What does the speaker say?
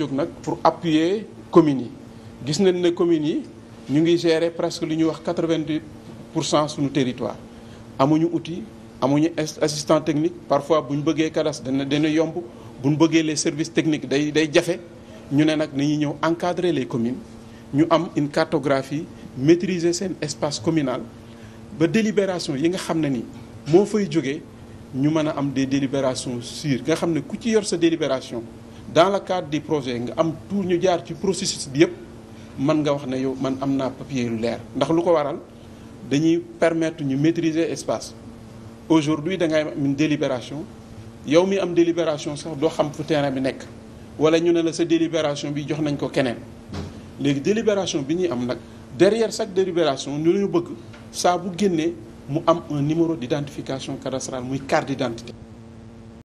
jóg nag pour appuyer communes yi gis nañ ne communes yi ñu ngi gérer presque lu ñuy wax quatre vingt pour cent suñu territoire amuñu outil amuñu assistant technique parfois bu ñu bëggee cadastre dana dana yomb bu ñu bëggee les services techniques day day jafe ñu ne nag ni nañuy ñëw encadrer les communes ñu am une cartographie maîtriser seen espace communal ba délibération yi nga xam ne ni moo fay jógee ñu mën a am des délibérations sûres nga xam ne ku ci yor sa délibération dans le cadre du projet nga am tout ñu jaar ci processus bi yëpp man nga wax ne yow man am naa papier lu leer ndax lu ko waral dañuy permettre ñu maîtriser espace aujourd'hui da ngay am une délibération yow mi am délibération sax doo xam fu terrain bi nekk wala ñu ne la sa délibération bi jox nañ ko keneen léegi délibération bi ñuy am nag derrière chaque délibération ñu lañu bëgg saa bu génnee mu am un numéro d'identification cadastrale muy carte d'identité